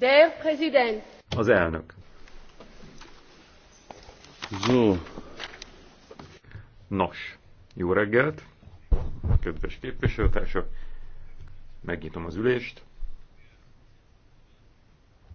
Der Präsident. Az elnök. Zó. Nos, jó reggelt, kedves képviselőtársak, megnyitom az ülést.